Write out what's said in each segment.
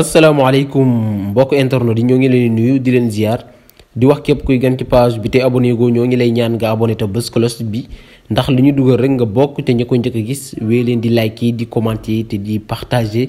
asalaamaaleykum mbokk internet yi ñoo ngi leen nuyu di leen ziar di wax képp kuy gan ci page bi te abonné goo ñoo ngi lay ñaan nga abonné te bés cloche bi ndax li ñu dugal rek nga bokk te ñi ko njëkk a gis wéy leen di lay kii di commenter te di partager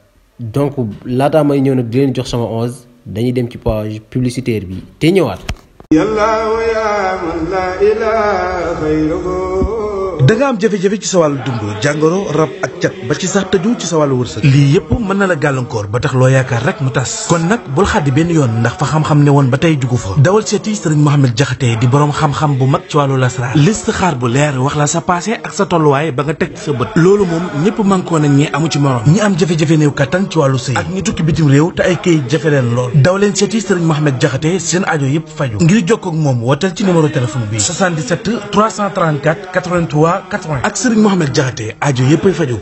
donc laataa may ñëw nag di leen jox sama onze dañuy dem ci page publicitaire bi te ñëwaat. da nga am jafe-jafe ci sa wàllu dund jàngoro rab ak cat ba ci sax tëju ci sa wàllu wërsëg lii yëpp mën na la gàllankoor ba tax loo yaakaar rek mu tas kon nag bul xaddi benn yoon ndax fa xam-xam ne woon ba tey jugu fa dawal seeti sëriñ Mohamed Jaxate di boroom xam-xam bu mag ci wàllu lasraar xaar bu leer wax la sa passé ak sa tolluwaay ba nga teg sa bët loolu moom ñëpp mànkoo nañ ñi amu ci morom ñi am jafe-jafe néew kattan ci wàllu sëy ak ñi tukki bitim réew te ay këyit leen lool daw leen seeti sëriñ Mohamed Jaxate seen ajo yëpp faju ngir jokkoo ak moom wootal ci numéro téléphone bi 77 334 83 80. ak Serigne Mohamed Diakhaté aajo yëpp ay faju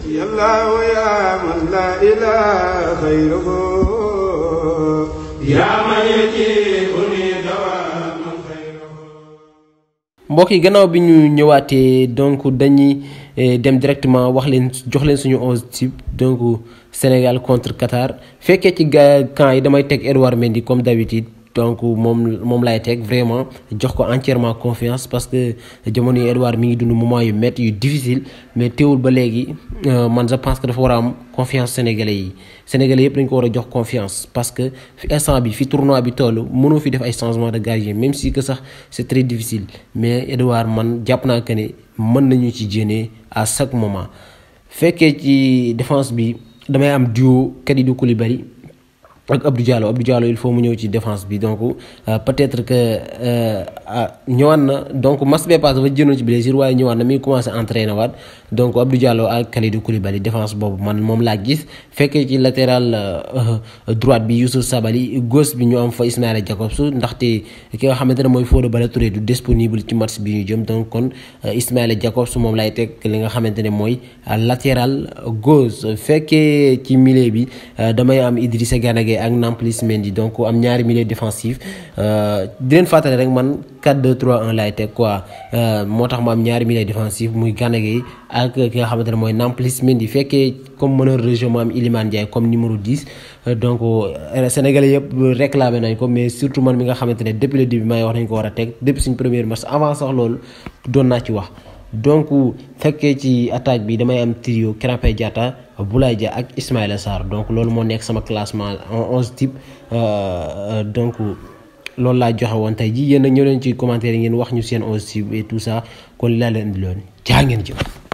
mbokk yi gannaaw bi ñu ñëwaatee donc dañuy eh, dem directement wax leen jox leen suñu onze type donc Sénégal contre Qatar fekkee ci gaa camp yi damay teg Edouard Mendy comme d'habitude donc mom mom lay tek vraiment jox ko entièrement confiance parce que jamono Edouard mi ngi dund moment yu métti yu difficile mais teewul ba léegi euh, man je pense que dafa war am confiance sénégalais yi sénégalais yëpp dañ ko war jox confiance parce que fi instant bi fi tournoi bi toll mënoo fi def ay changement de gardien même si que sax c'est très difficile mais Edouard man jàpp naa que ne mën nañu ci à chaque moment fekkee ci défense bi damay am duo du Koulibaly ak Abdou Diallo Abdou Diallo il faut mu ñëw ci défense bi donc euh, peut-être que euh, ah, ñëwaat na donc match bee pas ba jënoon ci blessure waaye ñëwaat na mi commencé entraîner waat donc Abdou Diallo ak Kalidou Koulibaly défense boobu man moom laa gis fekkee ci latéral euh, droite bi Youssouf Sabali gauche bi ñu am fa Ismaïla Jacobs ndaxte ki nga xamante ne mooy Fodé Ballo-Touré du disponible ci match bi ñu jëm donc kon Ismaïla Jacobs moom lay teg li nga xamante ne mooy latéral gauche fekkee ci milieu bi damay am Idrissa Gana Gueye ak Nampalys Mendy donc am ñaari milieu défensif euh, di len fatale rek man 4 2 3 1 light teg quoi euh motax ma am ñaari milieu défensif muy Gana avec ak ki nga xamantene moy mooy Nampalys Mendy fekkee comme meneur de jeu ma am Iliman comme numéro 10 euh, donc euh, sénégalais yépp réclamé nañ ko mais surtout man mi nga xamantene depuis le début may wax nañ ko wara a depuis suñ premier match avant sax loolu doon na ci wax donc fekkee ci attaque bi damay am trio Krépin Diatta Boulaye Dia ak Ismaïla Sarr donc loolu moo nekk sama classement en onze type euh, euh, donc loolu laa joxe woon tey ji yéen nag ci commentaire yi ngeen wax ñu seen onze type tout ça kon laa leen di loon jaa ngeen jëf